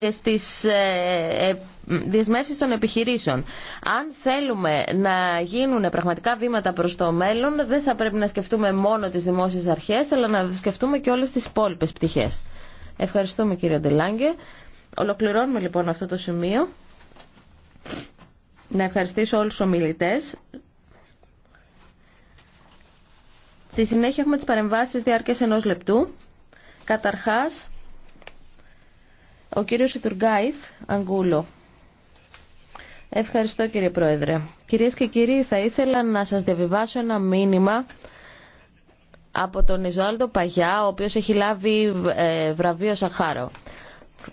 και στις ε, ε, δυσμεύσεις των επιχειρήσεων. Αν θέλουμε να γίνουν πραγματικά βήματα προς το μέλλον, δεν θα πρέπει να σκεφτούμε μόνο τις δημόσιες αρχές, αλλά να σκεφτούμε και όλες τις υπόλοιπε πτυχές. Ευχαριστούμε κύριε Ντελάγκε. Ολοκληρώνουμε λοιπόν αυτό το σημείο. Να ευχαριστήσω όλους τους ομιλητές. Στη συνέχεια έχουμε τις παρεμβάσεις διάρκειας ενός λεπτού. Καταρχάς, ο κύριος Ιτουργκάιφ Αγγούλο. Ευχαριστώ κύριε Πρόεδρε. Κυρίες και κύριοι, θα ήθελα να σας διαβιβάσω ένα μήνυμα από τον Ιζουάλντο Παγιά, ο οποίος έχει λάβει ε, βραβείο Σαχάρο.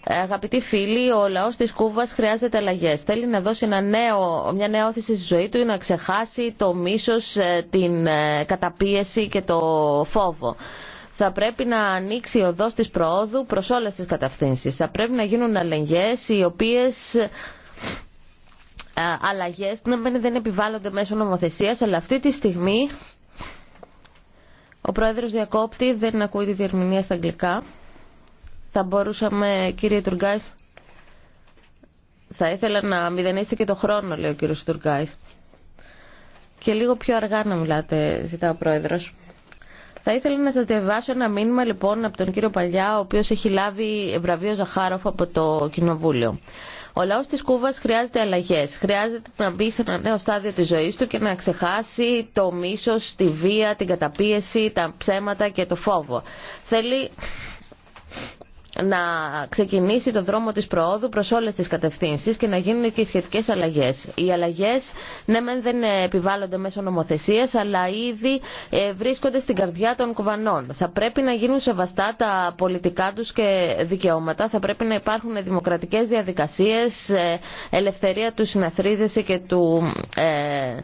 Αγαπητοί φίλοι, ο λαό τη Κούβα χρειάζεται αλλαγέ. Θέλει να δώσει ένα νέο, μια νέα όθηση στη ζωή του ή να ξεχάσει το μίσο, ε, την ε, καταπίεση και το φόβο θα πρέπει να ανοίξει η οδός της προόδου προς όλες τις κατευθύνσεις. Θα πρέπει να γίνουν αλλαγές οι οποίες ε, αλλαγές δεν επιβάλλονται μέσω νομοθεσίας, αλλά αυτή τη στιγμή ο Πρόεδρος διακόπτη δεν ακούει τη διερμηνία στα αγγλικά. Θα μπορούσαμε, κύριε Τουργκάης, θα ήθελα να μηδενίσετε και το χρόνο, λέει ο κύριος Τουργκάης. Και λίγο πιο αργά να μιλάτε, ζητά ο Πρόεδρος. Θα ήθελα να σας διαβάσω ένα μήνυμα λοιπόν από τον κύριο Παλιά, ο οποίος έχει λάβει βραβείο Ζαχάροφ από το Κοινοβούλιο. Ο λαό τη Κούβα χρειάζεται αλλαγέ. Χρειάζεται να μπει σε ένα νέο στάδιο τη ζωή του και να ξεχάσει το μίσο, τη βία, την καταπίεση, τα ψέματα και το φόβο. Θέλει να ξεκινήσει το δρόμο της προόδου προς όλες τις κατευθύνσεις και να γίνουν και οι σχετικές αλλαγές. Οι αλλαγές, ναι μεν δεν επιβάλλονται μέσω νομοθεσίας, αλλά ήδη ε, βρίσκονται στην καρδιά των κουβανών. Θα πρέπει να γίνουν σεβαστά τα πολιτικά τους και δικαιώματα, θα πρέπει να υπάρχουν δημοκρατικές διαδικασίες, ε, ελευθερία του συναθρίζεσαι και του... Ε,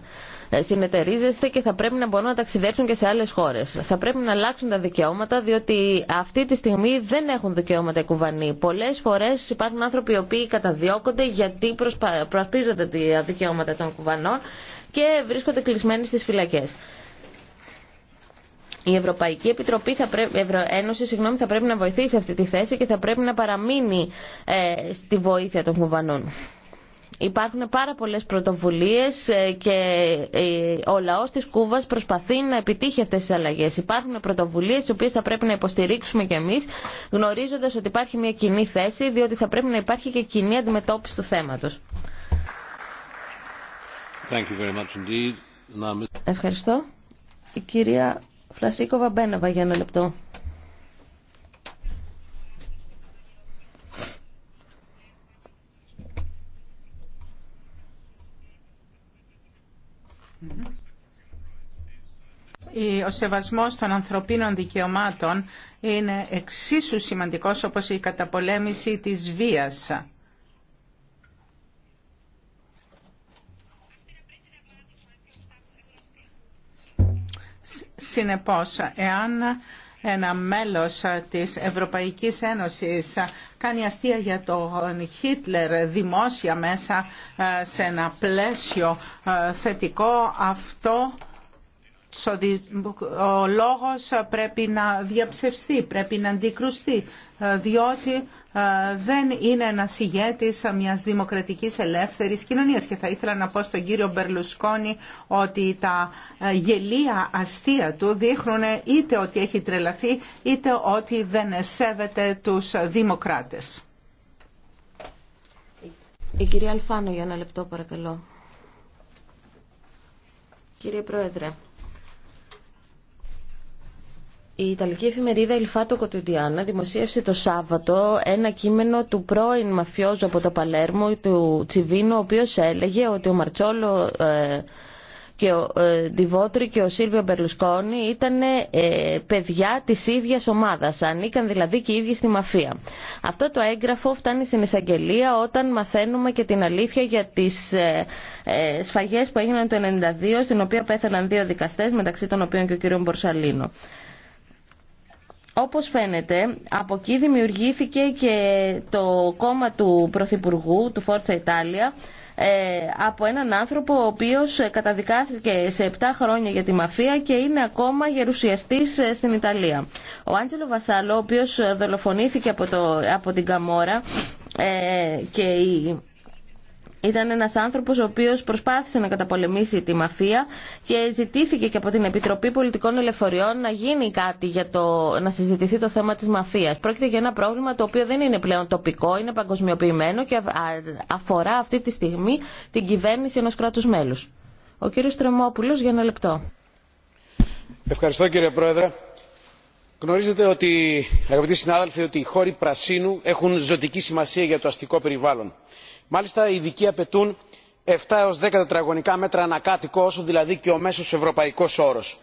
συνεταιρίζεστε και θα πρέπει να μπορούν να ταξιδέψουν και σε άλλε χώρε. Θα πρέπει να αλλάξουν τα δικαιώματα, διότι αυτή τη στιγμή δεν έχουν δικαιώματα οι Κουβανοί. Πολλέ φορέ υπάρχουν άνθρωποι οι οποίοι καταδιώκονται γιατί προσπα... προασπίζονται τα δικαιώματα των Κουβανών και βρίσκονται κλεισμένοι στι φυλακέ. Η Ευρωπαϊκή Επιτροπή θα Ένωση συγγνώμη, θα πρέπει να βοηθήσει αυτή τη θέση και θα πρέπει να παραμείνει ε, στη βοήθεια των Κουβανών. Υπάρχουν πάρα πολλές πρωτοβουλίες ε, και ε, ο λαός της Κούβας προσπαθεί να επιτύχει αυτές τις αλλαγές. Υπάρχουν πρωτοβουλίες τις οποίες θα πρέπει να υποστηρίξουμε κι εμείς γνωρίζοντας ότι υπάρχει μια κοινή θέση διότι θα πρέπει να υπάρχει και κοινή αντιμετώπιση του θέματος. Ευχαριστώ. Η κυρία Φλασίκοβα Μπένεβα για ένα λεπτό. ο σεβασμός των ανθρωπίνων δικαιωμάτων είναι εξίσου σημαντικός όπως η καταπολέμηση της βίας. Συνεπώς, εάν ένα μέλος της Ευρωπαϊκής Ένωσης κάνει αστεία για τον Χίτλερ δημόσια μέσα ε, σε ένα πλαίσιο ε, θετικό, αυτό ο λόγος πρέπει να διαψευστεί, πρέπει να αντικρουστεί, διότι ε, δεν είναι ένα ηγέτης μιας δημοκρατικής ελεύθερης κοινωνίας και θα ήθελα να πω στον κύριο Μπερλουσκόνη ότι τα ε, γελία αστεία του δείχνουν είτε ότι έχει τρελαθεί είτε ότι δεν σέβεται τους δημοκράτες. Η κυρία Αλφάνο για ένα λεπτό παρακαλώ. Κύριε Πρόεδρε, η Ιταλική εφημερίδα Ελφάτο Κοτουντιάνα δημοσίευσε το Σάββατο ένα κείμενο του πρώην μαφιόζου από το Παλέρμο, του Τσιβίνο, ο οποίος έλεγε ότι ο Μαρτσόλο ε, και ο ε, και ο Σίλβιο Μπερλουσκόνη ήταν ε, παιδιά της ίδιας ομάδας, ανήκαν δηλαδή και οι ίδιοι στη μαφία. Αυτό το έγγραφο φτάνει στην εισαγγελία όταν μαθαίνουμε και την αλήθεια για τις ε, ε σφαγές που έγιναν το 1992, στην οποία πέθαναν δύο δικαστές, μεταξύ των οποίων και ο κ. Μπορσαλίνο όπως φαίνεται, από εκεί δημιουργήθηκε και το κόμμα του Πρωθυπουργού, του Φόρτσα Ιτάλια, ε, από έναν άνθρωπο ο οποίος καταδικάθηκε σε 7 χρόνια για τη μαφία και είναι ακόμα γερουσιαστής ε, στην Ιταλία. Ο Άντζελο Βασάλο, ο οποίος δολοφονήθηκε από, το, από την Καμόρα ε, και η ήταν ένα άνθρωπο ο οποίο προσπάθησε να καταπολεμήσει τη μαφία και ζητήθηκε και από την Επιτροπή Πολιτικών Ελευθεριών να γίνει κάτι για το, να συζητηθεί το θέμα τη Μαφία. Πρόκειται για ένα πρόβλημα το οποίο δεν είναι πλέον τοπικό, είναι παγκοσμιοποιημένο και αφορά αυτή τη στιγμή την κυβέρνηση ενό κράτου μέλους. Ο κύριο Τρεμόπουλο για ένα λεπτό. Ευχαριστώ κύριε Πρόεδρε. Γνωρίζετε ότι, αγαπητοί συνάδελφοι, ότι οι χώροι πρασίνου έχουν ζωτική σημασία για το αστικό περιβάλλον μάλιστα οι ειδικοί απαιτούν 7 έως δέκα τετραγωνικά μέτρα ανακάτοικο όσο δηλαδή και ο μέσος ευρωπαϊκός όρος.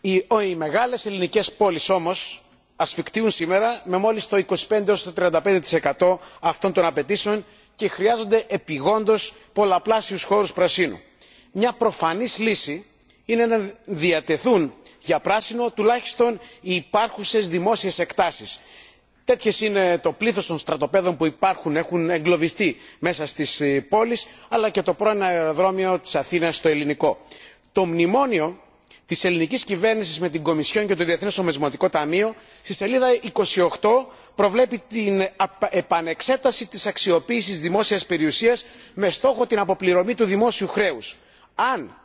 οι, οι μεγάλες ελληνικές πόλεις όμως ασφικτιούν σήμερα με μόλις το 25 έως το 35% αυτών των απαιτήσεων και χρειάζονται επιγόντω πολλαπλάσιους χώρους πρασίνου. Μια προφανής λύση είναι να διατεθούν για πράσινο τουλάχιστον οι υπάρχουσες δημόσιες εκτάσεις Τέτοιε είναι το πλήθο των στρατοπέδων που υπάρχουν έχουν εγκλωβιστεί μέσα στι ε, πόλει, αλλά και το πρώην αεροδρόμιο τη Αθήνα στο ελληνικό. το μνημόνιο τη ελληνική κυβέρνηση με την κομισιόν και το Διεθνέ νομισματικό ταμείο στη σελίδα 28 προβλέπει την επανεξέταση τη αξιοποίηση δημόσια περιουσία με στόχο την αποπληρωμή του δημόσιου χρέου. αν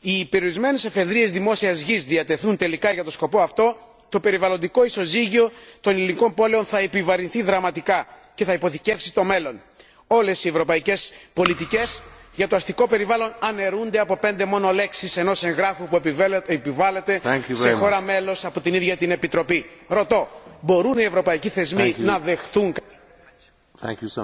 οι περιορισμένε εφεδρείε δημόσια γη διατεθούν τελικά για το σκοπό αυτό το περιβαλλοντικό ισοζύγιο των ελληνικών πόλεων θα επιβαρυνθεί δραματικά και θα υποθηκεύσει το μέλλον. όλες οι ευρωπαϊκές πολιτικές για το αστικό περιβάλλον αναιρούνται από πέντε μόνο λέξεις ενός εγγράφου που επιβάλλεται σε χώρα μέλος από την ίδια την επιτροπή. ρωτώ μπορούν οι ευρωπαϊκοί θεσμοί να δεχθούν κάτι τέτοιο;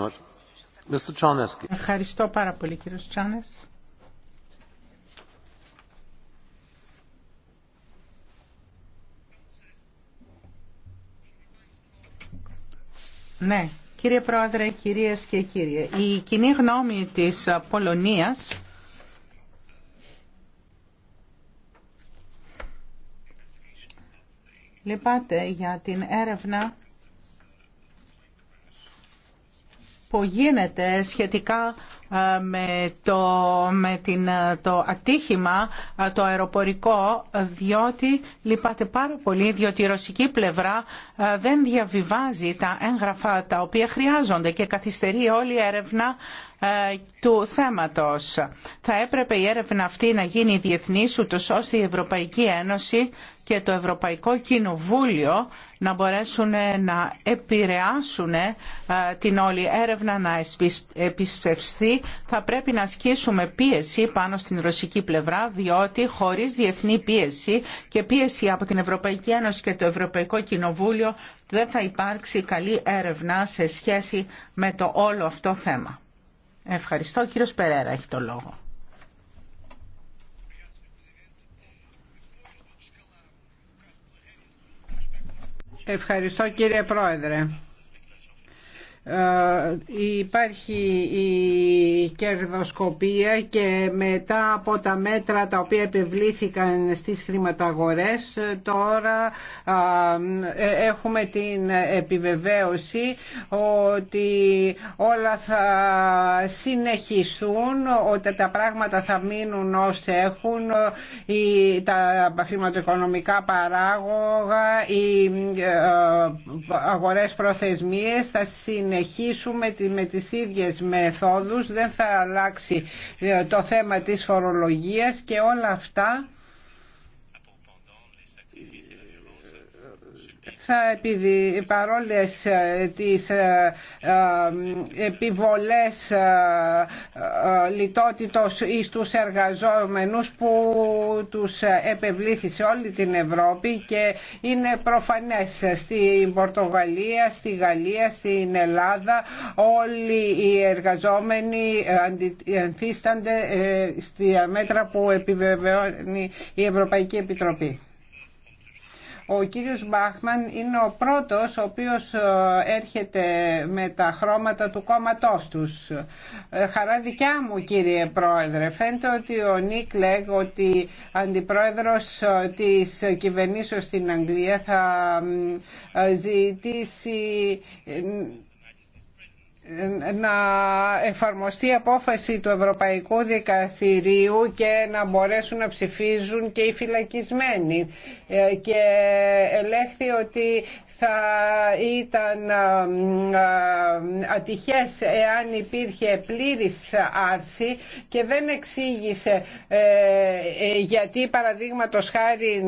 Ναι, κύριε Πρόεδρε, κυρίες και κύριοι, η κοινή γνώμη της Πολωνίας λυπάται για την έρευνα που γίνεται σχετικά ε, με, το, με την, ε, το ατύχημα ε, το αεροπορικό διότι λυπάται πάρα πολύ διότι η ρωσική πλευρά δεν διαβιβάζει τα έγγραφα τα οποία χρειάζονται και καθυστερεί όλη η έρευνα του θέματος. Θα έπρεπε η έρευνα αυτή να γίνει διεθνή ούτως ώστε η Ευρωπαϊκή Ένωση και το Ευρωπαϊκό Κοινοβούλιο να μπορέσουν να επηρεάσουν την όλη έρευνα να επισπευστεί θα πρέπει να ασκήσουμε πίεση πάνω στην ρωσική πλευρά, διότι χωρίς διεθνή πίεση και πίεση από την Ευρωπαϊκή Ένωση και το Ευρωπαϊκό Κοινοβούλιο δεν θα υπάρξει καλή έρευνα σε σχέση με το όλο αυτό θέμα. Ευχαριστώ. Κύριος Περέρα έχει το λόγο. Ευχαριστώ κύριε Πρόεδρε. Ε, υπάρχει η κερδοσκοπία και μετά από τα μέτρα τα οποία επιβλήθηκαν στις χρηματαγορές ε, τώρα ε, έχουμε την επιβεβαίωση ότι όλα θα συνεχιστούν ότι τα πράγματα θα μείνουν ως έχουν η τα χρηματοοικονομικά παράγωγα οι αγορές προθεσμίες θα συνεχίσουν συνεχίσουμε με τις ίδιες μεθόδους, δεν θα αλλάξει ε, το θέμα της φορολογίας και όλα αυτά θα επειδή παρόλες ε, τις ε, ε, επιβολές λιτότητος εις τους εργαζόμενους που τους επευλήθη όλη την Ευρώπη και είναι προφανές στη Πορτογαλία, στη Γαλλία, στην Ελλάδα όλοι οι εργαζόμενοι ανθίστανται στη μέτρα που επιβεβαιώνει η Ευρωπαϊκή Επιτροπή. Ο κύριος Μπάχμαν είναι ο πρώτος ο οποίος ε, έρχεται με τα χρώματα του κόμματός τους. Ε, χαρά δικιά μου κύριε Πρόεδρε. Φαίνεται ότι ο Νίκ Λέγ, ότι αντιπρόεδρος ε, της κυβερνήσεως στην Αγγλία θα ζητήσει να εφαρμοστεί η απόφαση του Ευρωπαϊκού Δικαστηρίου και να μπορέσουν να ψηφίζουν και οι φυλακισμένοι ε, και ελέγχθη ότι θα ήταν ε, ε, ατυχές εάν υπήρχε πλήρης άρση και δεν εξήγησε ε, γιατί παραδείγματος χάρη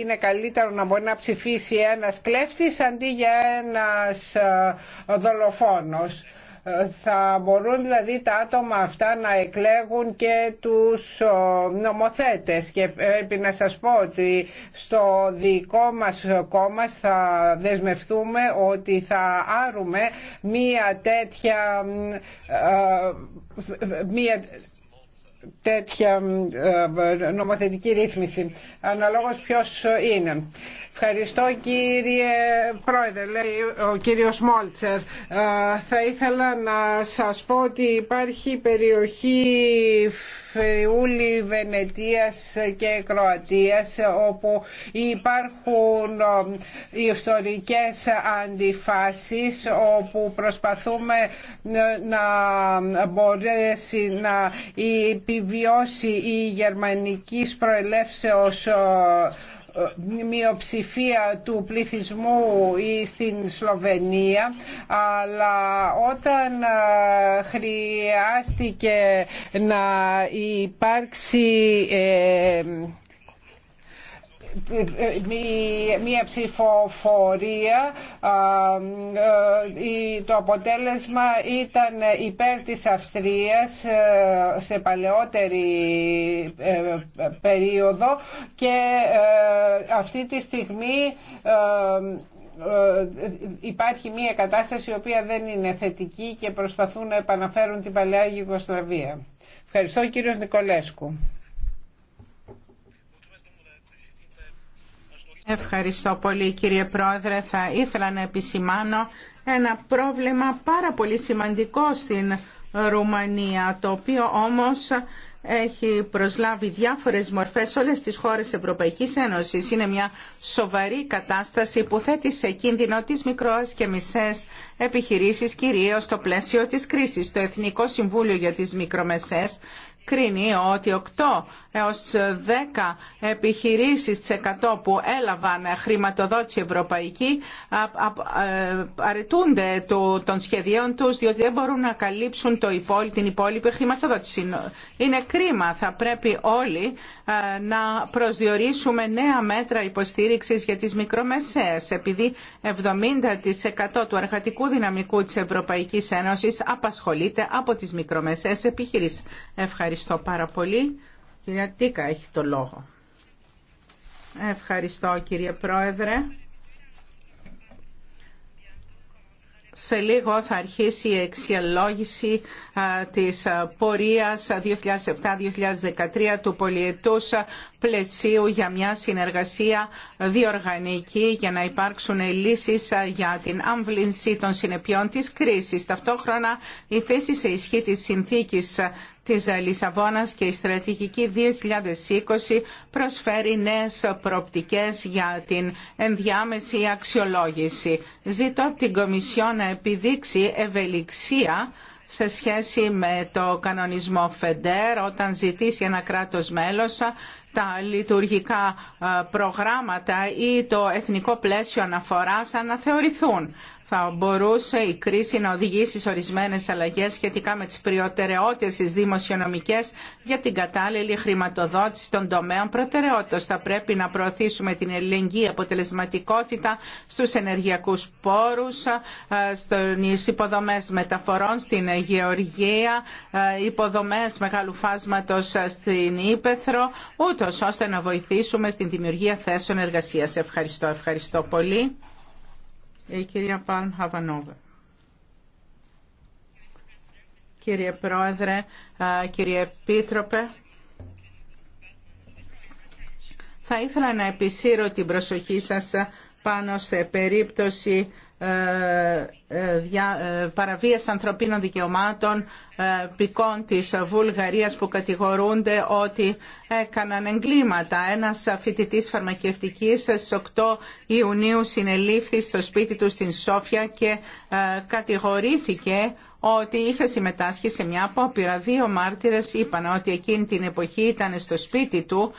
είναι καλύτερο να μπορεί να ψηφίσει ένας κλέφτης αντί για ένας δολοφόνος. Θα μπορούν δηλαδή τα άτομα αυτά να εκλέγουν και τους νομοθέτες και πρέπει να σας πω ότι στο δικό μας κόμμα θα δεσμευτούμε ότι θα άρουμε μία τέτοια ε, μία τέτοια ε, νομοθετική ρύθμιση αναλόγως ποιος είναι. Ευχαριστώ κύριε Πρόεδρε, λέει ο κύριος Μόλτσερ. Ε, θα ήθελα να σας πω ότι υπάρχει περιοχή Φεριούλη, Βενετίας και Κροατίας όπου υπάρχουν ε, ιστορικές αντιφάσεις όπου προσπαθούμε να μπορέσει να υπηρετήσουμε επιβιώσει η γερμανικής προελεύσεως μειοψηφία του πληθυσμού στην Σλοβενία αλλά όταν χρειάστηκε να υπάρξει ε, μία ψηφοφορία ε, το αποτέλεσμα ήταν υπέρ της Αυστρίας ε, σε παλαιότερη ε, περίοδο και αυτή τη στιγμή υπάρχει μία κατάσταση η οποία δεν είναι θετική και προσπαθούν να επαναφέρουν την παλαιά Γιουγκοσλαβία. Ευχαριστώ κύριος Νικολέσκου. Ευχαριστώ πολύ κύριε Πρόεδρε. Θα ήθελα να επισημάνω ένα πρόβλημα πάρα πολύ σημαντικό στην Ρουμανία, το οποίο όμως έχει προσλάβει διάφορες μορφές σε όλες τις χώρες Ευρωπαϊκής Ένωσης. Είναι μια σοβαρή κατάσταση που θέτει σε κίνδυνο τις μικρόες και μισές επιχειρήσεις, κυρίως στο πλαίσιο της κρίσης. Το Εθνικό Συμβούλιο για τις Μικρομεσές κρίνει ότι οκτώ έως 10 επιχειρήσεις της 100 που έλαβαν χρηματοδότηση ευρωπαϊκή ε, αρετούνται των σχεδίων τους διότι δεν μπορούν να καλύψουν το υπόλοι, την υπόλοιπη χρηματοδότηση. Είναι κρίμα. Θα πρέπει όλοι ε, να προσδιορίσουμε νέα μέτρα υποστήριξης για τις μικρομεσαίες επειδή 70% του εργατικού δυναμικού της Ευρωπαϊκής Ένωσης απασχολείται από τις μικρομεσαίες επιχειρήσεις. Ευχαριστώ πάρα πολύ. Κυρία Τίκα έχει το λόγο. Ευχαριστώ κύριε Πρόεδρε. Σε λίγο θα αρχίσει η εξιαλόγηση της πορείας 2007-2013 του πολιετούς πλαισίου για μια συνεργασία διοργανική για να υπάρξουν λύσεις για την άμβλυνση των συνεπειών της κρίσης. Ταυτόχρονα η θέση σε ισχύ της συνθήκης της Λισαβόνας και η στρατηγική 2020 προσφέρει νέες προοπτικές για την ενδιάμεση αξιολόγηση. Ζήτω από την Κομισιό να επιδείξει ευελιξία σε σχέση με το κανονισμό ΦΕΝΤΕΡ όταν ζητήσει ένα κράτος μέλος τα λειτουργικά ε, προγράμματα ή το εθνικό πλαίσιο αναφοράς αναθεωρηθούν θα μπορούσε η κρίση να οδηγήσει σε ορισμένες αλλαγές σχετικά με τις προτεραιότητες τι δημοσιονομικές για την κατάλληλη χρηματοδότηση των τομέων προτεραιότητας. Θα πρέπει να προωθήσουμε την ελληνική αποτελεσματικότητα στους ενεργειακούς πόρους, ε, στι υποδομές μεταφορών στην γεωργία, ε, υποδομές μεγάλου φάσματος στην Ήπεθρο, ούτως ώστε να βοηθήσουμε στην δημιουργία θέσεων εργασίας. Ευχαριστώ, ευχαριστώ πολύ. Ε, η κυρία Παλμ Χαβανόβα. Κύριε Πρόεδρε, κύριε Επίτροπε, θα ήθελα να επισύρω την προσοχή σας πάνω σε περίπτωση ε, ε, ε, παραβίαση ανθρωπίνων δικαιωμάτων ε, πικών της Βουλγαρίας που κατηγορούνται ότι έκαναν εγκλήματα. Ένας φοιτητής φαρμακευτικής στις 8 Ιουνίου συνελήφθη στο σπίτι του στην Σόφια και κατηγορήθηκε ότι είχε συμμετάσχει σε μια απόπειρα. Δύο μάρτυρες είπαν ότι εκείνη την εποχή ήταν στο σπίτι του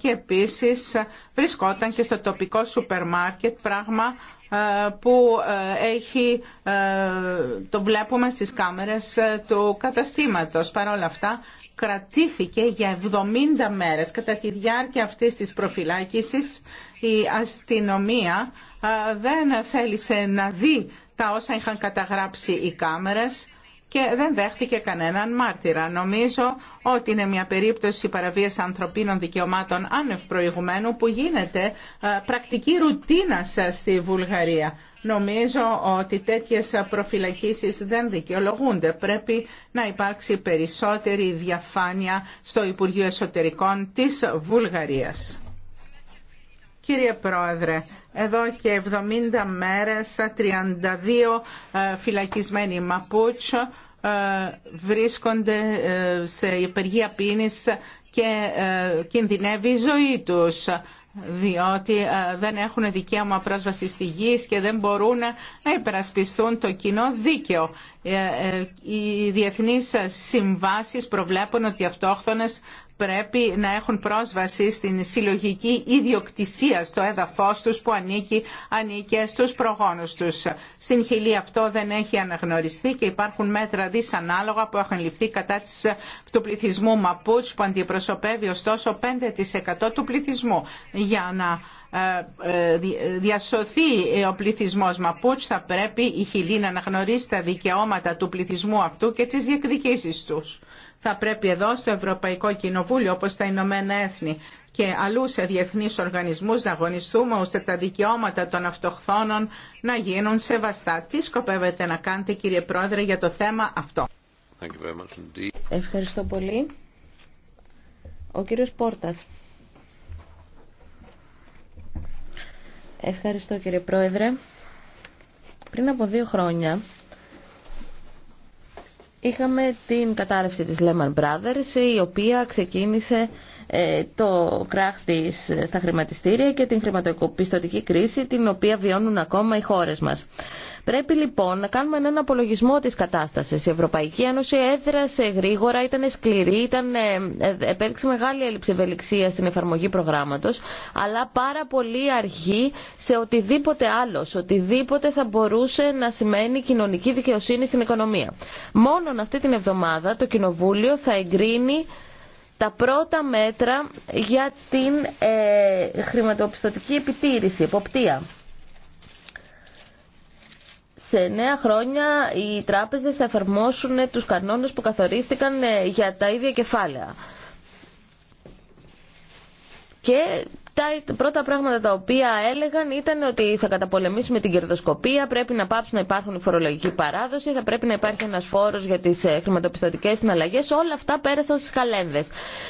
και επίσης βρισκόταν και στο τοπικό σούπερ μάρκετ, πράγμα που έχει ε, το βλέπουμε στις κάμερες ε, του καταστήματος. Παρ' όλα αυτά κρατήθηκε για 70 μέρες. Κατά τη διάρκεια αυτής της προφυλάκησης η αστυνομία ε, δεν θέλησε να δει τα όσα είχαν καταγράψει οι κάμερες και δεν δέχθηκε κανέναν μάρτυρα. Νομίζω ότι είναι μια περίπτωση παραβίαση ανθρωπίνων δικαιωμάτων άνευ προηγουμένου που γίνεται πρακτική ρουτίνα στη Βουλγαρία. Νομίζω ότι τέτοιες προφυλακίσεις δεν δικαιολογούνται. Πρέπει να υπάρξει περισσότερη διαφάνεια στο Υπουργείο Εσωτερικών της Βουλγαρίας. Κύριε Πρόεδρε, εδώ και 70 μέρες 32 ε, φυλακισμένοι Μαπούτς ε, βρίσκονται ε, σε υπεργία πίνης και κινδυνεύει η ζωή τους διότι ε, δεν έχουν δικαίωμα πρόσβαση στη γη και δεν μπορούν να υπερασπιστούν το κοινό δίκαιο. Ε, ε, οι διεθνείς συμβάσεις προβλέπουν ότι οι αυτόχθονες πρέπει να έχουν πρόσβαση στην συλλογική ιδιοκτησία στο έδαφος τους που ανήκει, ανήκει στους προγόνους τους. Στην Χιλή αυτό δεν έχει αναγνωριστεί και υπάρχουν μέτρα δυσανάλογα που έχουν ληφθεί κατά της, του πληθυσμού Μαπούτς που αντιπροσωπεύει ωστόσο 5% του πληθυσμού. Για να ε, ε, διασωθεί ο πληθυσμός Μαπούτς θα πρέπει η Χιλή να αναγνωρίσει τα δικαιώματα του πληθυσμού αυτού και τις διεκδικήσεις τους θα πρέπει εδώ στο Ευρωπαϊκό Κοινοβούλιο όπως τα Ηνωμένα Έθνη και αλλού σε διεθνείς οργανισμούς να αγωνιστούμε ώστε τα δικαιώματα των αυτοχθόνων να γίνουν σεβαστά. Τι σκοπεύετε να κάνετε κύριε Πρόεδρε για το θέμα αυτό. Ευχαριστώ πολύ. Ο κύριος Πόρτας. Ευχαριστώ κύριε Πρόεδρε. Πριν από δύο χρόνια είχαμε την κατάρρευση της Lehman Brothers, η οποία ξεκίνησε ε, το κράχ της, στα χρηματιστήρια και την χρηματοπιστωτική κρίση την οποία βιώνουν ακόμα οι χώρες μας. Πρέπει λοιπόν να κάνουμε έναν απολογισμό τη κατάσταση. Η Ευρωπαϊκή Ένωση έδρασε γρήγορα, ήταν σκληρή, ήταν, ε, ε, επέδειξε μεγάλη έλλειψη ευελιξία στην εφαρμογή προγράμματο, αλλά πάρα πολύ αργή σε οτιδήποτε άλλο, σε οτιδήποτε θα μπορούσε να σημαίνει κοινωνική δικαιοσύνη στην οικονομία. Μόνον αυτή την εβδομάδα το Κοινοβούλιο θα εγκρίνει τα πρώτα μέτρα για την ε, χρηματοπιστωτική επιτήρηση, εποπτεία σε νέα χρόνια οι τράπεζες θα εφαρμόσουν τους κανόνες που καθορίστηκαν ε, για τα ίδια κεφάλαια. Και τα πρώτα πράγματα τα οποία έλεγαν ήταν ότι θα καταπολεμήσουμε την κερδοσκοπία, πρέπει να πάψουν να υπάρχουν η φορολογική παράδοση, θα πρέπει να υπάρχει ένα φόρο για τις ε, χρηματοπιστωτικές συναλλαγές. Όλα αυτά πέρασαν στι καλένδε.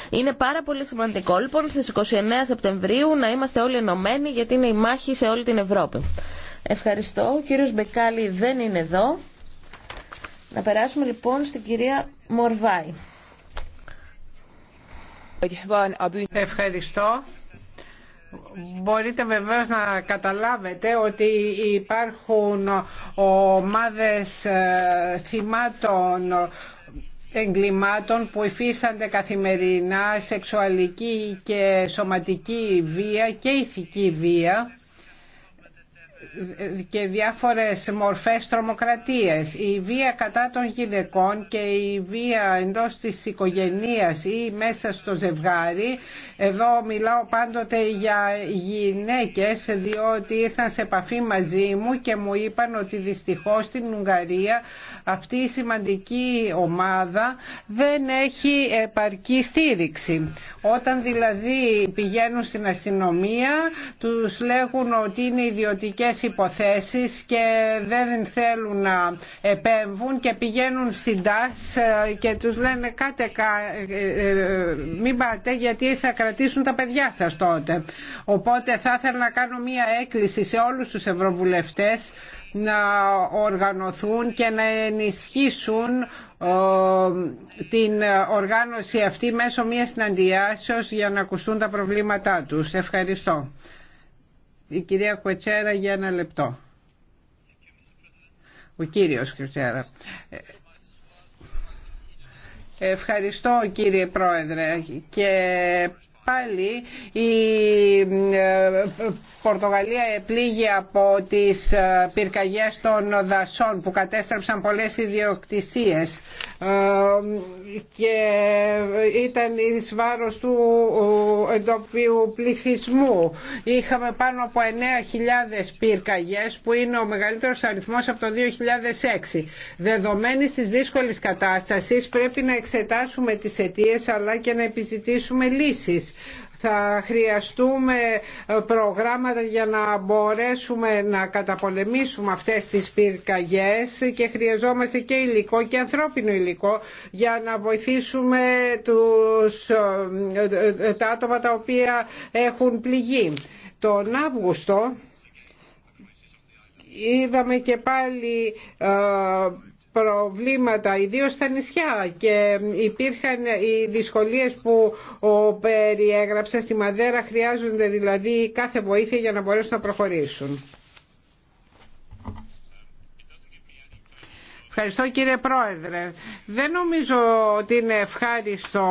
Είναι πάρα πολύ σημαντικό λοιπόν στι 29 Σεπτεμβρίου να είμαστε όλοι ενωμένοι γιατί είναι η μάχη σε όλη την Ευρώπη. Ευχαριστώ. Ο κύριος Μπεκάλη δεν είναι εδώ. Να περάσουμε λοιπόν στην κυρία Μορβάη. Ευχαριστώ. Μπορείτε βεβαίως να καταλάβετε ότι υπάρχουν ομάδες ε, θυμάτων εγκλημάτων που υφίστανται καθημερινά σεξουαλική και σωματική βία και ηθική βία και διάφορες μορφές τρομοκρατίας, Η βία κατά των γυναικών και η βία εντός της οικογενείας ή μέσα στο ζευγάρι. Εδώ μιλάω πάντοτε για γυναίκες διότι ήρθαν σε επαφή μαζί μου και μου είπαν ότι δυστυχώς στην Ουγγαρία αυτή η σημαντική ομάδα δεν έχει επαρκή στήριξη. Όταν δηλαδή πηγαίνουν στην αστυνομία τους λέγουν ότι είναι ιδιωτικές πολλές υποθέσεις και δεν θέλουν να επέμβουν και πηγαίνουν στην ΤΑΣ ε, και τους λένε κάτε ε, ε, μην πάτε γιατί θα κρατήσουν τα παιδιά σας τότε. Οπότε θα ήθελα να κάνω μία έκκληση σε όλους τους ευρωβουλευτές να οργανωθούν και να ενισχύσουν την οργάνωση αυτή μέσω μιας συναντιάσεως για να ακουστούν τα προβλήματά τους. Ευχαριστώ. Η κυρία Κουετσέρα για ένα λεπτό. Ο κύριος Κουετσέρα. Ε, ευχαριστώ κύριε Πρόεδρε και πάλι η ε, Πορτογαλία επλήγει από τις ε, πυρκαγιές των δασών που κατέστρεψαν πολλές ιδιοκτησίες ε, και ήταν εις βάρος του εντοπίου πληθυσμού. Είχαμε πάνω από 9.000 πυρκαγιές που είναι ο μεγαλύτερος αριθμός από το 2006. Δεδομένης της δύσκολης κατάστασης πρέπει να εξετάσουμε τις αιτίες αλλά και να επιζητήσουμε λύσεις θα χρειαστούμε προγράμματα για να μπορέσουμε να καταπολεμήσουμε αυτές τις πυρκαγιές και χρειαζόμαστε και υλικό και ανθρώπινο υλικό για να βοηθήσουμε τους, ε, ε, τα άτομα τα οποία έχουν πληγεί. Τον Αύγουστο είδαμε και πάλι ε, προβλήματα, ιδίως στα νησιά και υπήρχαν οι δυσκολίες που ο περιέγραψε στη Μαδέρα, χρειάζονται δηλαδή κάθε βοήθεια για να μπορέσουν να προχωρήσουν. Ευχαριστώ κύριε Πρόεδρε. Δεν νομίζω ότι είναι ευχάριστο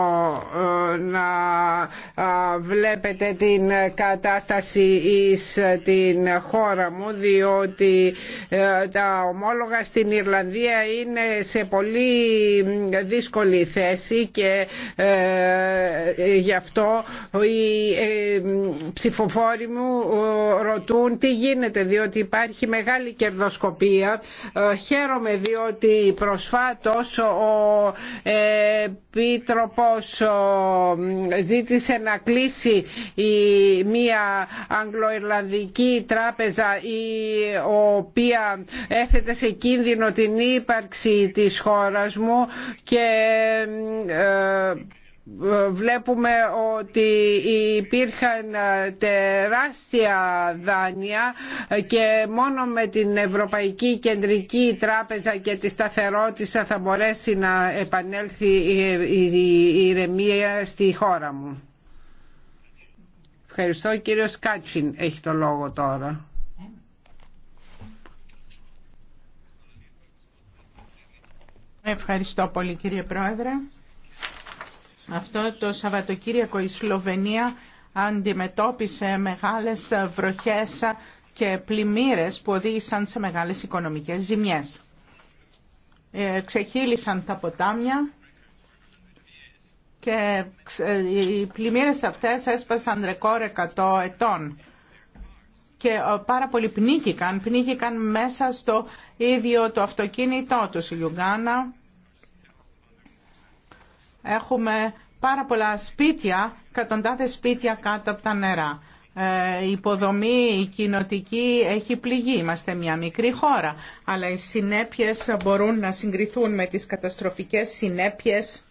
ε, να ε, βλέπετε την κατάσταση εις ε, την χώρα μου διότι τα ομόλογα στην Ιρλανδία είναι σε πολύ δύσκολη θέση και γι' αυτό οι ψηφοφόροι μου ρωτούν τι γίνεται διότι υπάρχει μεγάλη κερδοσκοπία. Χαίρομαι διότι ότι προσφάτως ο ε, Επίτροπος ζήτησε να κλείσει μία Αγγλοϊρλανδική τράπεζα η οποία έθετε σε κίνδυνο την ύπαρξη της χώρας μου και ε, βλέπουμε ότι υπήρχαν ε, τεράστια δάνεια και μόνο με την Ευρωπαϊκή Κεντρική Τράπεζα και τη σταθερότητα θα μπορέσει να επανέλθει η ηρεμία στη χώρα μου. Ευχαριστώ. Ο κύριος Κάτσιν έχει το λόγο τώρα. Ευχαριστώ πολύ κύριε Πρόεδρε. Αυτό το Σαββατοκύριακο η Σλοβενία αντιμετώπισε μεγάλες βροχές και πλημμύρες που οδήγησαν σε μεγάλες οικονομικές ζημιές. Ε, ξεχύλισαν τα ποτάμια και ε, οι πλημμύρες αυτές έσπασαν ρεκόρ 100 ετών και ε, πάρα πολλοί πνίγηκαν, πνίγηκαν μέσα στο ίδιο το αυτοκίνητό τους η Λιουγκάνα Έχουμε πάρα πολλά σπίτια, εκατοντάδες σπίτια κάτω από τα νερά. Ε, η υποδομή, η κοινοτική έχει πληγεί. Είμαστε μια μικρή χώρα, αλλά οι συνέπειες μπορούν να συγκριθούν με τις καταστροφικές συνέπειες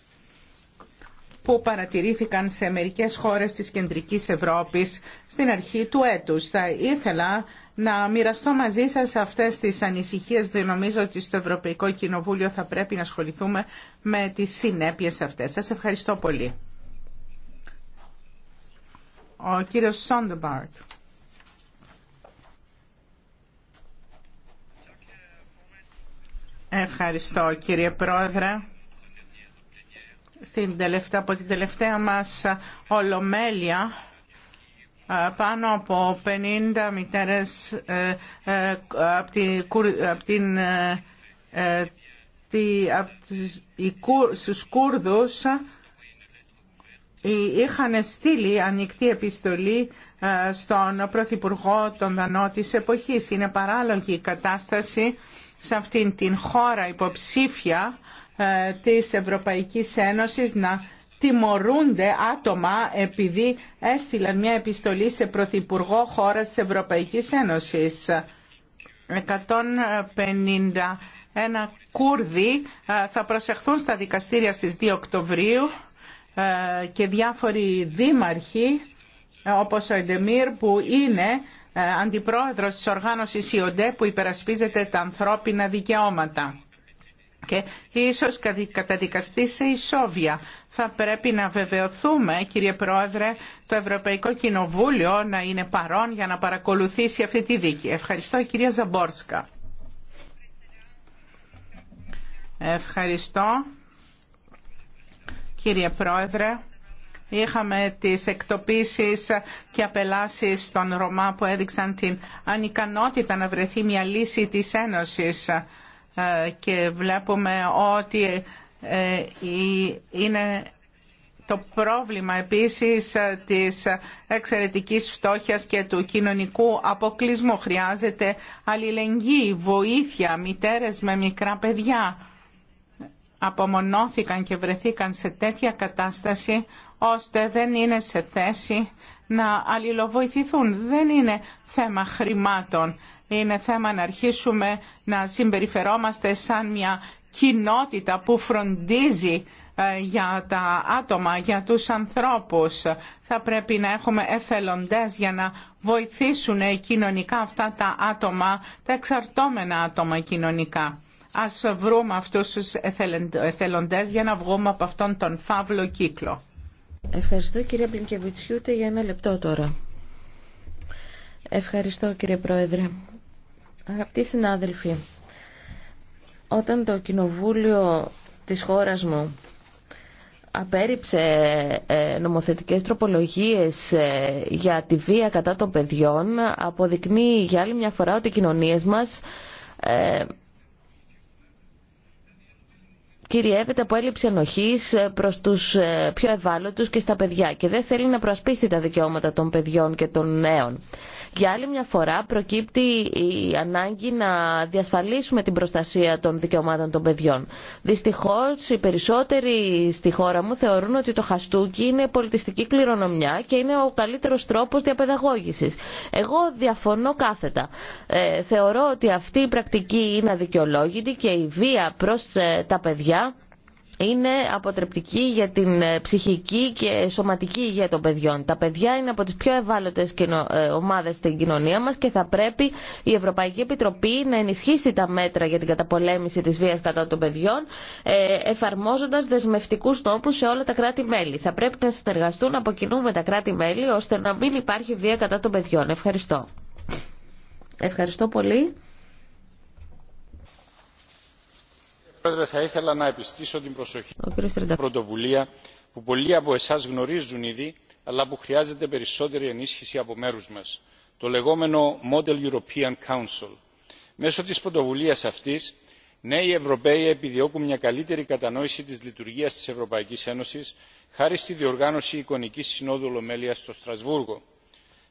που παρατηρήθηκαν σε μερικές χώρες της Κεντρικής Ευρώπης στην αρχή του έτους. Θα ήθελα να μοιραστώ μαζί σας αυτές τις ανησυχίες, διότι νομίζω ότι στο Ευρωπαϊκό Κοινοβούλιο θα πρέπει να ασχοληθούμε με τις συνέπειες αυτές. Σας ευχαριστώ πολύ. Ο κύριος Σόντεμπαρτ. Ευχαριστώ κύριε Πρόεδρε. Στην τελευταία, από την τελευταία μας ολομέλεια πάνω από 50 μητέρες από την στους Κούρδους ε, είχαν στείλει ανοιχτή επιστολή ε, στον Πρωθυπουργό των Δανών της εποχής. Είναι παράλογη η κατάσταση σε αυτήν την χώρα υποψήφια ε, της Ευρωπαϊκής Ένωσης να τιμωρούνται άτομα επειδή έστειλαν μια επιστολή σε Πρωθυπουργό χώρας της Ευρωπαϊκής Ένωσης. 151 Κούρδοι ε, θα προσεχθούν στα δικαστήρια στις 2 Οκτωβρίου ε, και διάφοροι δήμαρχοι ε, όπως ο Εντεμίρ που είναι αντιπρόεδρος της οργάνωσης ΙΟΝΤΕ που υπερασπίζεται τα ανθρώπινα δικαιώματα και ίσως καταδικαστεί σε ισόβια. Θα πρέπει να βεβαιωθούμε, κύριε Πρόεδρε, το Ευρωπαϊκό Κοινοβούλιο να είναι παρόν για να παρακολουθήσει αυτή τη δίκη. Ευχαριστώ, κυρία Ζαμπόρσκα. Ευχαριστώ, κύριε Πρόεδρε. Είχαμε τις εκτοπίσεις και απελάσεις των Ρωμά που έδειξαν την ανικανότητα να βρεθεί μια λύση της Ένωσης ε, και βλέπουμε ότι ε, είναι το πρόβλημα επίσης ε, της εξαιρετικής φτώχειας και του κοινωνικού αποκλεισμού. Χρειάζεται αλληλεγγύη, βοήθεια, μητέρες με μικρά παιδιά απομονώθηκαν και βρεθήκαν σε τέτοια κατάσταση ώστε δεν είναι σε θέση να αλληλοβοηθηθούν. Δεν είναι θέμα χρημάτων. Είναι θέμα να αρχίσουμε να συμπεριφερόμαστε σαν μια κοινότητα που φροντίζει ε, για τα άτομα, για τους ανθρώπους. Θα πρέπει να έχουμε εθελοντές για να βοηθήσουν κοινωνικά αυτά τα άτομα, τα εξαρτώμενα άτομα κοινωνικά. Ας βρούμε αυτούς τους εθελοντές για να βγούμε από αυτόν τον φαύλο κύκλο. Ευχαριστώ κύριε Μπλινκεβιτσιούτε για ένα λεπτό τώρα. Ευχαριστώ κύριε Πρόεδρε. Αγαπητοί συνάδελφοι, όταν το κοινοβούλιο της χώρας μου απέριψε ε, νομοθετικές τροπολογίες ε, για τη βία κατά των παιδιών, αποδεικνύει για άλλη μια φορά ότι οι κοινωνίες μας ε, κυριεύεται από έλλειψη ενοχής προς τους πιο ευάλωτους και στα παιδιά και δεν θέλει να προασπίσει τα δικαιώματα των παιδιών και των νέων. Για άλλη μια φορά προκύπτει η ανάγκη να διασφαλίσουμε την προστασία των δικαιωμάτων των παιδιών. Δυστυχώς οι περισσότεροι στη χώρα μου θεωρούν ότι το χαστούκι είναι πολιτιστική κληρονομιά και είναι ο καλύτερος τρόπος διαπαιδαγώγησης. Εγώ διαφωνώ κάθετα. Ε, θεωρώ ότι αυτή η πρακτική είναι αδικαιολόγητη και η βία προς ε, τα παιδιά είναι αποτρεπτική για την ε, ψυχική και σωματική υγεία των παιδιών. Τα παιδιά είναι από τις πιο ευάλωτες ε, ομάδες στην κοινωνία μας και θα πρέπει η Ευρωπαϊκή Επιτροπή να ενισχύσει τα μέτρα για την καταπολέμηση της βίας κατά των παιδιών ε, εφαρμόζοντας δεσμευτικούς τόπους σε όλα τα κράτη-μέλη. Θα πρέπει να συνεργαστούν από κοινού με τα κράτη-μέλη ώστε να μην υπάρχει βία κατά των παιδιών. Ευχαριστώ. Ευχαριστώ πολύ. Πρόεδρε, θα ήθελα να επιστήσω την προσοχή στην πρωτοβουλία που πολλοί από εσά γνωρίζουν ήδη, αλλά που χρειάζεται περισσότερη ενίσχυση από μέρου μα. Το λεγόμενο Model European Council. Μέσω τη πρωτοβουλία αυτή, νέοι Ευρωπαίοι επιδιώκουν μια καλύτερη κατανόηση τη λειτουργία τη Ευρωπαϊκή Ένωση χάρη στη διοργάνωση εικονική συνόδου Ολομέλεια στο Στρασβούργο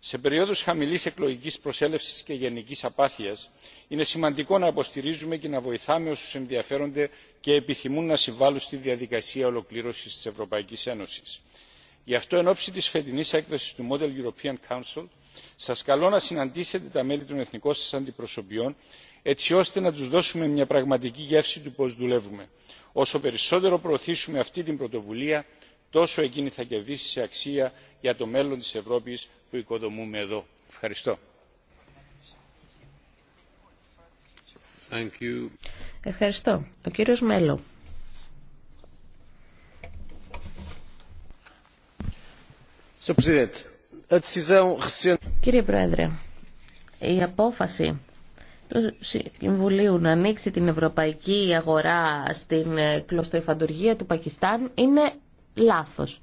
σε περιόδους χαμηλής εκλογικής προσέλευσης και γενικής απάθειας είναι σημαντικό να υποστηρίζουμε και να βοηθάμε όσους ενδιαφέρονται και επιθυμούν να συμβάλλουν στη διαδικασία ολοκλήρωσης της ευρωπαϊκής ένωσης. γι' αυτό εν ώψη της φετινής έκδοσης του model european council σας καλώ να συναντήσετε τα μέλη των εθνικών σας αντιπροσωπιών έτσι ώστε να τους δώσουμε μια πραγματική γεύση του πώς δουλεύουμε. όσο περισσότερο προωθήσουμε αυτή την πρωτοβουλία τόσο εκείνη θα κερδίσει σε αξία για το μέλλον της Ευρώπης που οικοδομούμε εδώ. Ευχαριστώ. Ευχαριστώ. Ο κύριος Μέλλο. Κύριε Πρόεδρε, η απόφαση του Συμβουλίου να ανοίξει την ευρωπαϊκή αγορά στην ε, κλωστοϊφαντουργία του Πακιστάν είναι λάθος.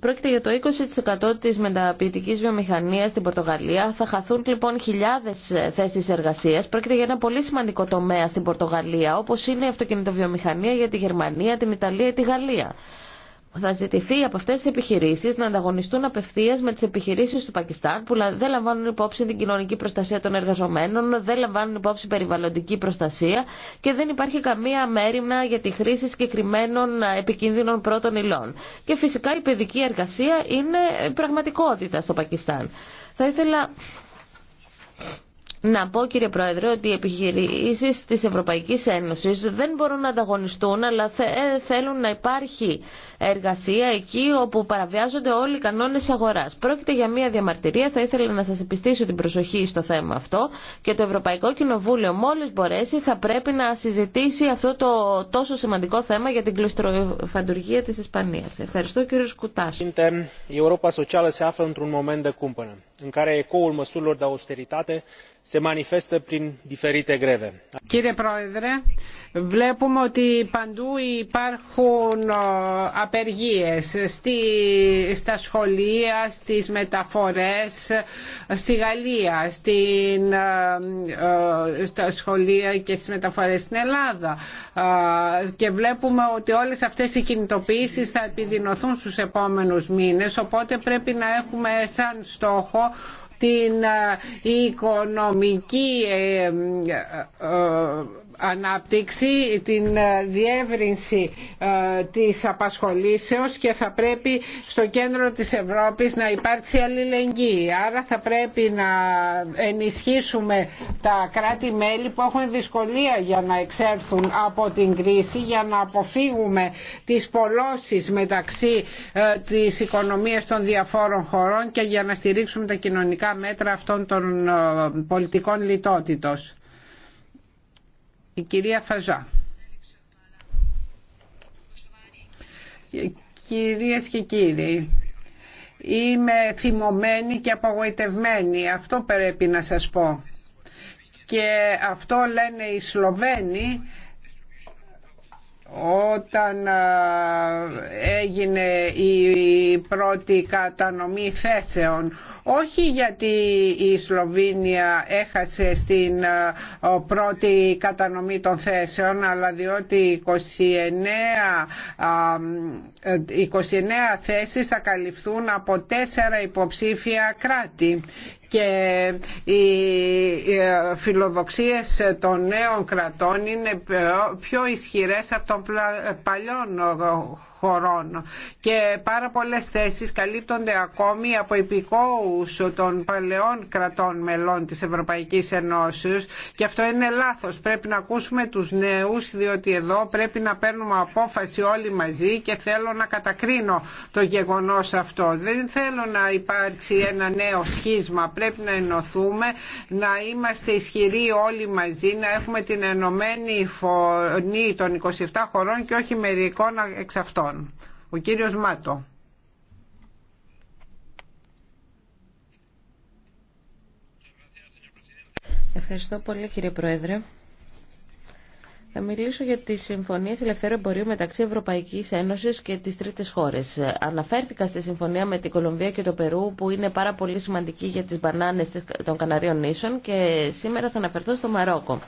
Πρόκειται για το 20% της μεταποιητικής βιομηχανίας στην Πορτογαλία. Θα χαθούν λοιπόν χιλιάδες ε, θέσεις εργασίας. Πρόκειται για ένα πολύ σημαντικό τομέα στην Πορτογαλία, όπως είναι η αυτοκινητοβιομηχανία για τη Γερμανία, την Ιταλία ή τη Γαλλία θα ζητηθεί από αυτές τις επιχειρήσεις να ανταγωνιστούν απευθείας με τις επιχειρήσεις του Πακιστάν που δεν λαμβάνουν υπόψη την κοινωνική προστασία των εργαζομένων, δεν λαμβάνουν υπόψη περιβαλλοντική προστασία και δεν υπάρχει καμία μέρημνα για τη χρήση συγκεκριμένων ε, επικίνδυνων πρώτων υλών. Και φυσικά η παιδική εργασία είναι ε, πραγματικότητα στο Πακιστάν. Θα ήθελα να πω κύριε Πρόεδρε ότι οι επιχειρήσει τη Ευρωπαϊκή Ένωση δεν μπορούν να ανταγωνιστούν αλλά ε, θέλουν να υπάρχει εργασία εκεί όπου παραβιάζονται όλοι οι κανόνε αγορά. Πρόκειται για μια διαμαρτυρία. Θα ήθελα να σα επιστήσω την προσοχή στο θέμα αυτό και το Ευρωπαϊκό Κοινοβούλιο μόλι μπορέσει θα πρέπει να συζητήσει αυτό το τόσο σημαντικό θέμα για την κλωστροφαντουργία τη Ισπανία. Ευχαριστώ κύριο Σκουτάς. Η Ευρώπη σε un moment de cumpănă, în care ecoul măsurilor de austeritate se manifestă prin diferite greve. Κύριε Πρόεδρε, Βλέπουμε ότι παντού υπάρχουν ε, απεργίες στη, στα σχολεία, στις μεταφορές, στη Γαλλία, στην, ε, ε, στα σχολεία και στις μεταφορές στην Ελλάδα. Και βλέπουμε ότι όλες αυτές οι κινητοποιήσεις θα επιδεινωθούν στους επόμενους μήνες, οπότε πρέπει να έχουμε σαν στόχο την ε, οικονομική ε, ε, ανάπτυξη, την διεύρυνση της απασχολήσεως και θα πρέπει στο κέντρο της Ευρώπης να υπάρξει αλληλεγγύη. Άρα θα πρέπει να ενισχύσουμε τα κράτη-μέλη που έχουν δυσκολία για να εξέρθουν από την κρίση, για να αποφύγουμε τις πολλώσεις μεταξύ της οικονομίας των διαφόρων χωρών και για να στηρίξουμε τα κοινωνικά μέτρα αυτών των ε, πολιτικών λιτότητος. Η κυρία Φαζά. Κυρίες και κύριοι, είμαι θυμωμένη και απογοητευμένη. Αυτό πρέπει να σας πω. Και αυτό λένε οι Σλοβαίνοι όταν έγινε η πρώτη κατανομή θέσεων όχι γιατί η Σλοβίνια έχασε στην πρώτη κατανομή των θέσεων αλλά διότι 29, 29 ε, θέσεις θα καλυφθούν από τέσσερα υποψήφια κράτη και οι φιλοδοξίες των νέων κρατών είναι πιο ισχυρές από των παλιών χωρών και πάρα πολλές θέσεις καλύπτονται ακόμη από υπηκόους των παλαιών κρατών μελών της Ευρωπαϊκής Ενώσεως και αυτό είναι λάθος. Πρέπει να ακούσουμε τους νέους διότι εδώ πρέπει να παίρνουμε απόφαση όλοι μαζί και θέλω να κατακρίνω το γεγονός αυτό. Δεν θέλω να υπάρξει ένα νέο σχίσμα. Πρέπει να ενωθούμε, να είμαστε ισχυροί όλοι μαζί, να έχουμε την ενωμένη φωνή των 27 χωρών και όχι μερικών εξ αυτών ο κύριος Μάτο. Ευχαριστώ πολύ κύριε Πρόεδρε. Θα μιλήσω για τις συμφωνίες ελευθέρου εμπορίου μεταξύ Ευρωπαϊκής Ένωσης και τις τρίτες χώρες. Αναφέρθηκα στη συμφωνία με την Κολομβία και το Περού που είναι πάρα πολύ σημαντική για τις μπανάνες των Καναρίων νήσων και σήμερα θα αναφερθώ στο Μαρόκο.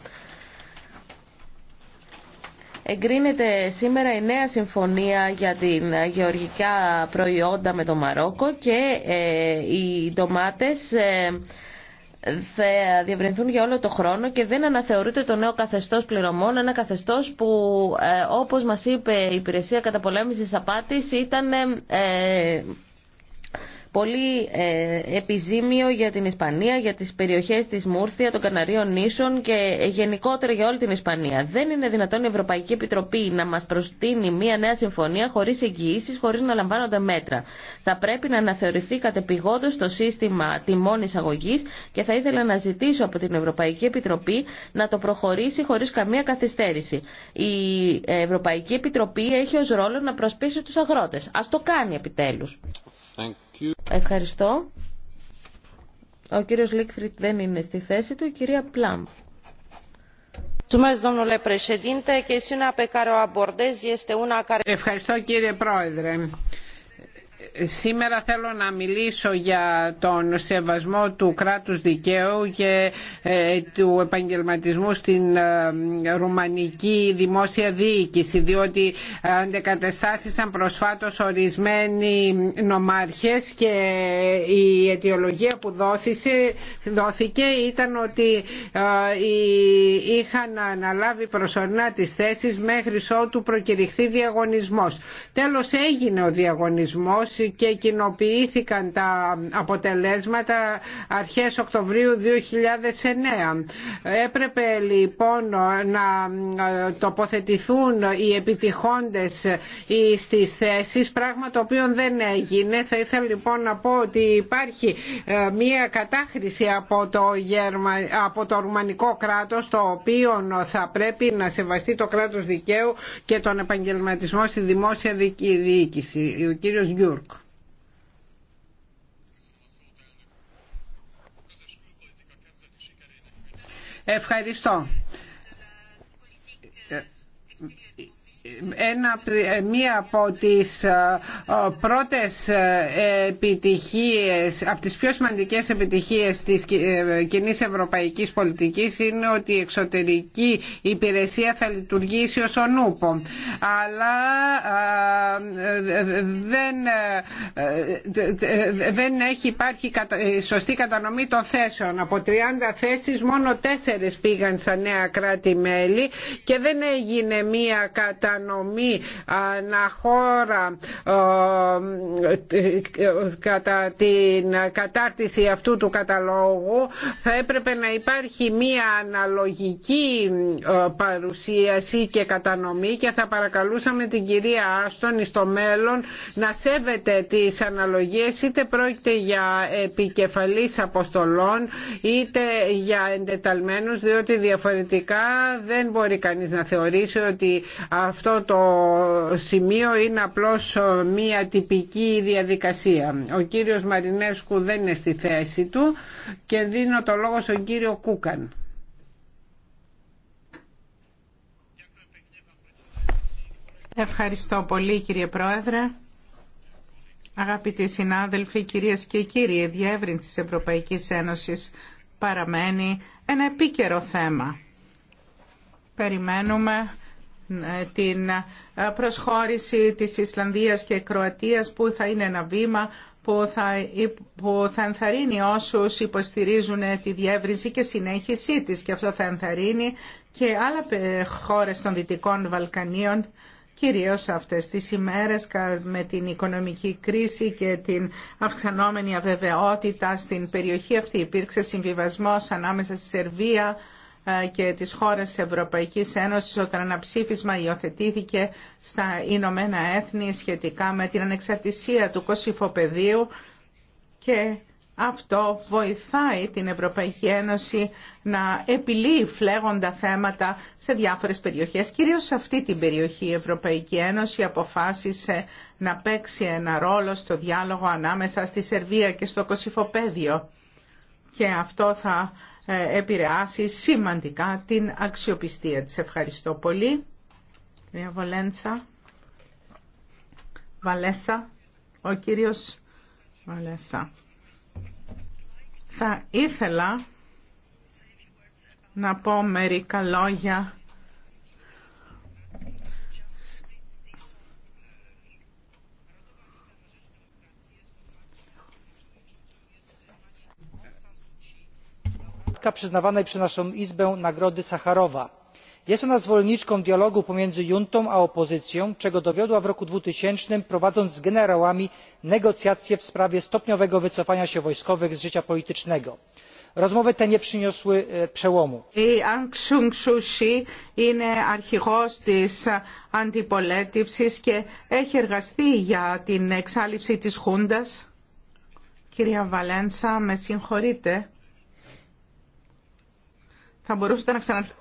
Εγκρίνεται σήμερα η νέα συμφωνία για την γεωργικά προϊόντα με το Μαρόκο και ε, οι ντομάτες ε, θα διευρυνθούν για όλο το χρόνο και δεν αναθεωρείται το νέο καθεστώς πληρωμών, ένα καθεστώς που ε, όπως μας είπε η Υπηρεσία Καταπολέμησης Απάτης ήταν πολύ ε, επιζήμιο για την Ισπανία, για τις περιοχές της Μούρθια, των Καναρίων Νήσων και γενικότερα για όλη την Ισπανία. Δεν είναι δυνατόν η Ευρωπαϊκή Επιτροπή να μας προστείνει μια νέα συμφωνία χωρίς εγγυήσει, χωρίς να λαμβάνονται μέτρα. Θα πρέπει να αναθεωρηθεί κατεπηγόντως το σύστημα τιμών εισαγωγή και θα ήθελα να ζητήσω από την Ευρωπαϊκή Επιτροπή να το προχωρήσει χωρίς καμία καθυστέρηση. Η ε, Ευρωπαϊκή Επιτροπή έχει ως ρόλο να προσπίσει τους αγρότες. Ας το κάνει επιτέλους. Thank Ευχαριστώ. Ο κύριο Λίξφριτ δεν είναι στη θέση του. Η κυρία Πλάμ. Ευχαριστώ κύριε Πρόεδρε Σήμερα θέλω να μιλήσω για τον σεβασμό του κράτους δικαίου και ε, του επαγγελματισμού στην ε, ρουμανική δημόσια διοίκηση διότι αντεκατεστάθησαν προσφάτως ορισμένοι νομάρχες και η αιτιολογία που δόθησε, δόθηκε ήταν ότι ε, είχαν αναλάβει προσωρινά τις θέσεις μέχρι ότου προκηρυχθεί διαγωνισμός. Τέλος έγινε ο διαγωνισμός και κοινοποιήθηκαν τα αποτελέσματα αρχές Οκτωβρίου 2009. Έπρεπε λοιπόν να τοποθετηθούν οι επιτυχόντες στις θέσεις, πράγμα το οποίο δεν έγινε. Θα ήθελα λοιπόν να πω ότι υπάρχει ε, μία κατάχρηση από το, Γερμα... από το Ρουμανικό κράτος, το οποίο θα πρέπει να σεβαστεί το κράτος δικαίου και τον επαγγελματισμό στη δημόσια διοίκηση. Ο κύριος Γιούρκ. Ευχαριστώ. ένα, ε, μία από τις ε, πρώτες ε, επιτυχίες, από τις πιο σημαντικές επιτυχίες της κοινή ευρωπαϊκής πολιτικής είναι ότι η εξωτερική υπηρεσία θα λειτουργήσει ως ο νουπο. Αλλά δεν, δεν έχει υπάρχει σωστή κατανομή των θέσεων. Από 30 θέσεις μόνο 4 πήγαν στα νέα κράτη-μέλη και δεν έγινε μία κατανομή να χώρα ε, κατά την κατάρτιση αυτού του καταλόγου θα έπρεπε να υπάρχει μία αναλογική ε, παρουσίαση και κατανομή και θα παρακαλούσαμε την κυρία Άστον στο μέλλον να σέβεται τις αναλογίες είτε πρόκειται για επικεφαλής αποστολών είτε για εντεταλμένους διότι διαφορετικά δεν μπορεί κανείς να θεωρήσει ότι αυτό το σημείο είναι απλώς μία τυπική διαδικασία. Ο κύριος Μαρινέσκου δεν είναι στη θέση του και δίνω το λόγο στον κύριο Κούκαν. Ευχαριστώ πολύ κύριε Πρόεδρε. Αγαπητοί συνάδελφοι, κυρίες και κύριοι, η διεύρυνση της Ευρωπαϊκής Ένωσης παραμένει ένα επίκαιρο θέμα. Περιμένουμε την ε, προσχώρηση της Ισλανδίας και Κροατίας που θα είναι ένα βήμα που θα, που ενθαρρύνει όσους υποστηρίζουν ε, τη διεύρυνση και συνέχισή της και αυτό θα ενθαρρύνει και άλλα ε, χώρες των Δυτικών Βαλκανίων κυρίως αυτές τις ημέρες με την οικονομική κρίση και την αυξανόμενη αβεβαιότητα στην περιοχή αυτή. Υπήρξε συμβιβασμός ανάμεσα στη Σερβία, ε, και τις χώρες της Ευρωπαϊκής Ένωσης όταν ένα υιοθετήθηκε στα Ηνωμένα Έθνη σχετικά με την ανεξαρτησία του Κωσυφοπεδίου και αυτό βοηθάει την Ευρωπαϊκή Ένωση να επιλύει φλέγοντα θέματα σε διάφορες περιοχές. Κυρίως σε αυτή την περιοχή η Ευρωπαϊκή Ένωση αποφάσισε να παίξει ένα ρόλο στο διάλογο ανάμεσα στη Σερβία και στο Κωσυφοπέδιο και αυτό θα ε, επηρεάσει σημαντικά την αξιοπιστία της. Ευχαριστώ πολύ. Κυρία Βαλέσα. Ο κύριος Βαλέσα. Θα ήθελα να πω μερικά λόγια artystantka przyznawanej przez naszą izbę nagrody sacharowa. jest ona zwolenniczką dialogu pomiędzy juntą a opozycją czego dowiodła w roku dwa tysiące prowadząc z generałami negocjacje w sprawie stopniowego wycofania się wojskowych z życia politycznego. rozmowy te nie przyniosły przełomu. Θα μπορούσατε να ξαναρθείτε.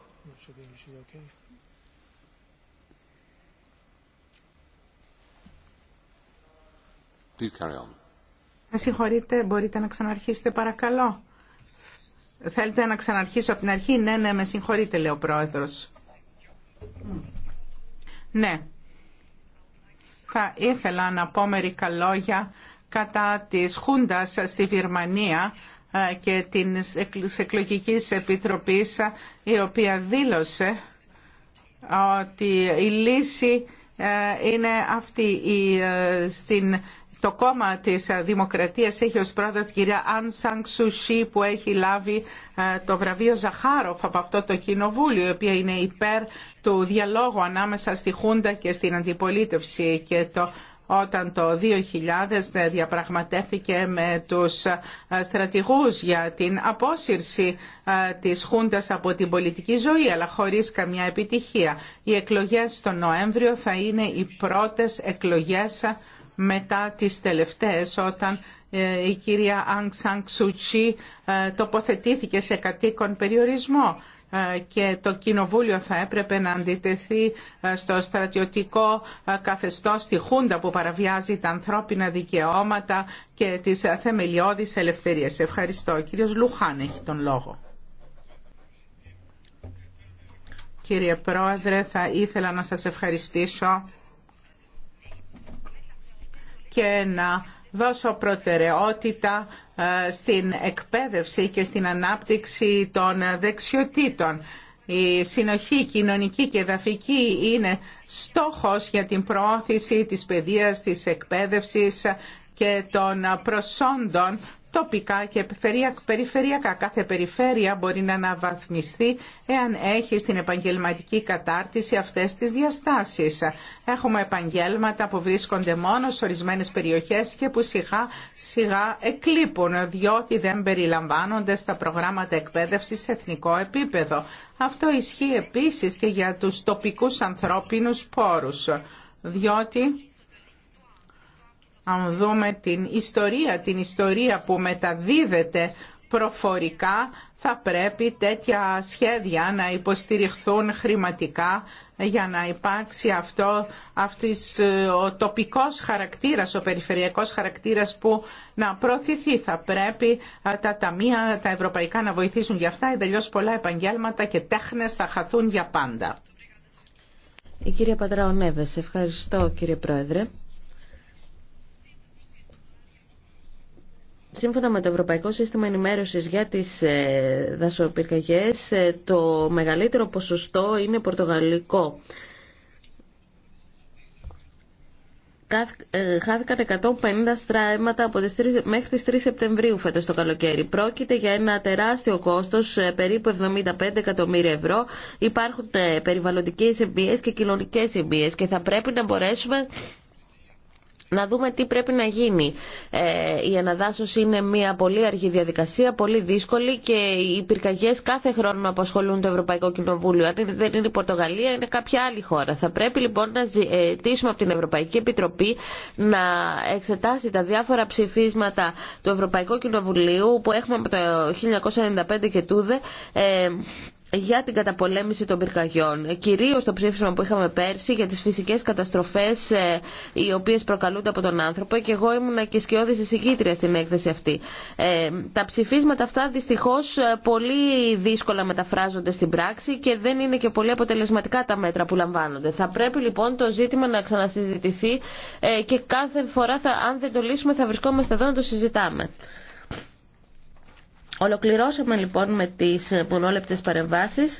Με συγχωρείτε, μπορείτε να ξαναρχίσετε παρακαλώ. Θέλετε να ξαναρχίσω από την αρχή. Ναι, ναι, με συγχωρείτε, λέει ο πρόεδρος. Ναι. Θα ήθελα να πω μερικά λόγια κατά της Χούντας στη Βυρμανία ε, και της εκλογικής επιτροπής ε, η οποία δήλωσε ότι η λύση ε, είναι αυτή στην το κόμμα της Δημοκρατίας έχει ως πρόεδρο κυρία Αν Σαν που έχει λάβει το βραβείο Ζαχάροφ από αυτό το κοινοβούλιο, η οποία είναι υπέρ του διαλόγου ανάμεσα στη Χούντα και στην αντιπολίτευση και το όταν το 2000 ε, διαπραγματεύθηκε με τους ε, στρατηγούς για την απόσυρση ε, της Χούντας από την πολιτική ζωή, αλλά χωρίς καμιά επιτυχία. Οι εκλογές τον Νοέμβριο θα είναι οι πρώτες εκλογές μετά τις τελευταίες, όταν η κυρία Αγκ τοποθετήθηκε σε κατοίκον περιορισμό ε, και το Κοινοβούλιο θα έπρεπε να αντιτεθεί ε, στο στρατιωτικό ε, καθεστώς στη Χούντα που παραβιάζει τα ανθρώπινα δικαιώματα και τις θεμελιώδεις ελευθερίες. Ευχαριστώ. Ο κύριος Λουχάν έχει τον λόγο. Κύριε Πρόεδρε, θα ήθελα να σας ευχαριστήσω και να δώσω προτεραιότητα ε, στην εκπαίδευση και στην ανάπτυξη των δεξιοτήτων. Η συνοχή κοινωνική και εδαφική είναι στόχος για την προώθηση της παιδείας, της εκπαίδευσης και των προσόντων τοπικά και περιφερειακά. Κάθε περιφέρεια μπορεί να αναβαθμιστεί εάν έχει στην επαγγελματική κατάρτιση αυτές τις διαστάσεις. Έχουμε επαγγέλματα που βρίσκονται μόνο σε ορισμένες περιοχές και που σιγά σιγά εκλείπουν διότι δεν περιλαμβάνονται στα προγράμματα εκπαίδευσης σε εθνικό επίπεδο. Αυτό ισχύει επίσης και για τους τοπικούς ανθρώπινους πόρους διότι αν δούμε την ιστορία, την ιστορία που μεταδίδεται προφορικά, θα πρέπει τέτοια σχέδια να υποστηριχθούν χρηματικά για να υπάρξει αυτό, αυτής, ε, ο τοπικός χαρακτήρας, ο περιφερειακός χαρακτήρας που να προωθηθεί. Θα πρέπει ε, τα ταμεία, τα ευρωπαϊκά να βοηθήσουν για αυτά, εντελώ πολλά επαγγέλματα και τέχνες θα χαθούν για πάντα. Η κυρία ευχαριστώ κύριε Πρόεδρε. Σύμφωνα με το Ευρωπαϊκό Σύστημα Ενημέρωσης για τις ε, δασοπυρκαγιές, ε, το μεγαλύτερο ποσοστό είναι πορτογαλικό. Ε, χάθηκαν 150 στράματα από τις 3, μέχρι τις 3 Σεπτεμβρίου φέτος το καλοκαίρι. Πρόκειται για ένα τεράστιο κόστος, περίπου 75 εκατομμύρια ευρώ. Υπάρχουν περιβαλλοντικές εμπίες και κοινωνικές εμπίες και θα πρέπει να μπορέσουμε να δούμε τι πρέπει να γίνει. Ε, η αναδάσωση είναι μια πολύ αργή διαδικασία, πολύ δύσκολη και οι πυρκαγιέ κάθε χρόνο απασχολούν το Ευρωπαϊκό Κοινοβούλιο. Αν δεν είναι η Πορτογαλία, είναι κάποια άλλη χώρα. Θα πρέπει λοιπόν να ε, ζητήσουμε από την Ευρωπαϊκή Επιτροπή να εξετάσει τα διάφορα ψηφίσματα του Ευρωπαϊκού Κοινοβουλίου που έχουμε από το 1995 και τούδε ε, για την καταπολέμηση των πυρκαγιών. Κυρίως το ψήφισμα που είχαμε πέρσι για τις φυσικές καταστροφές ε, οι οποίες προκαλούνται από τον άνθρωπο και εγώ ήμουν και σκιώδης εισηγήτρια στην έκθεση αυτή. Ε, τα ψηφίσματα αυτά δυστυχώς ε, πολύ δύσκολα μεταφράζονται στην πράξη και δεν είναι και πολύ αποτελεσματικά τα μέτρα που λαμβάνονται. Θα πρέπει λοιπόν το ζήτημα να ξανασυζητηθεί και κάθε φορά θα, αν δεν το λύσουμε θα βρισκόμαστε εδώ να το συζητάμε. Ολοκληρώσαμε λοιπόν με τις πολλόλεπτες παρεμβάσεις.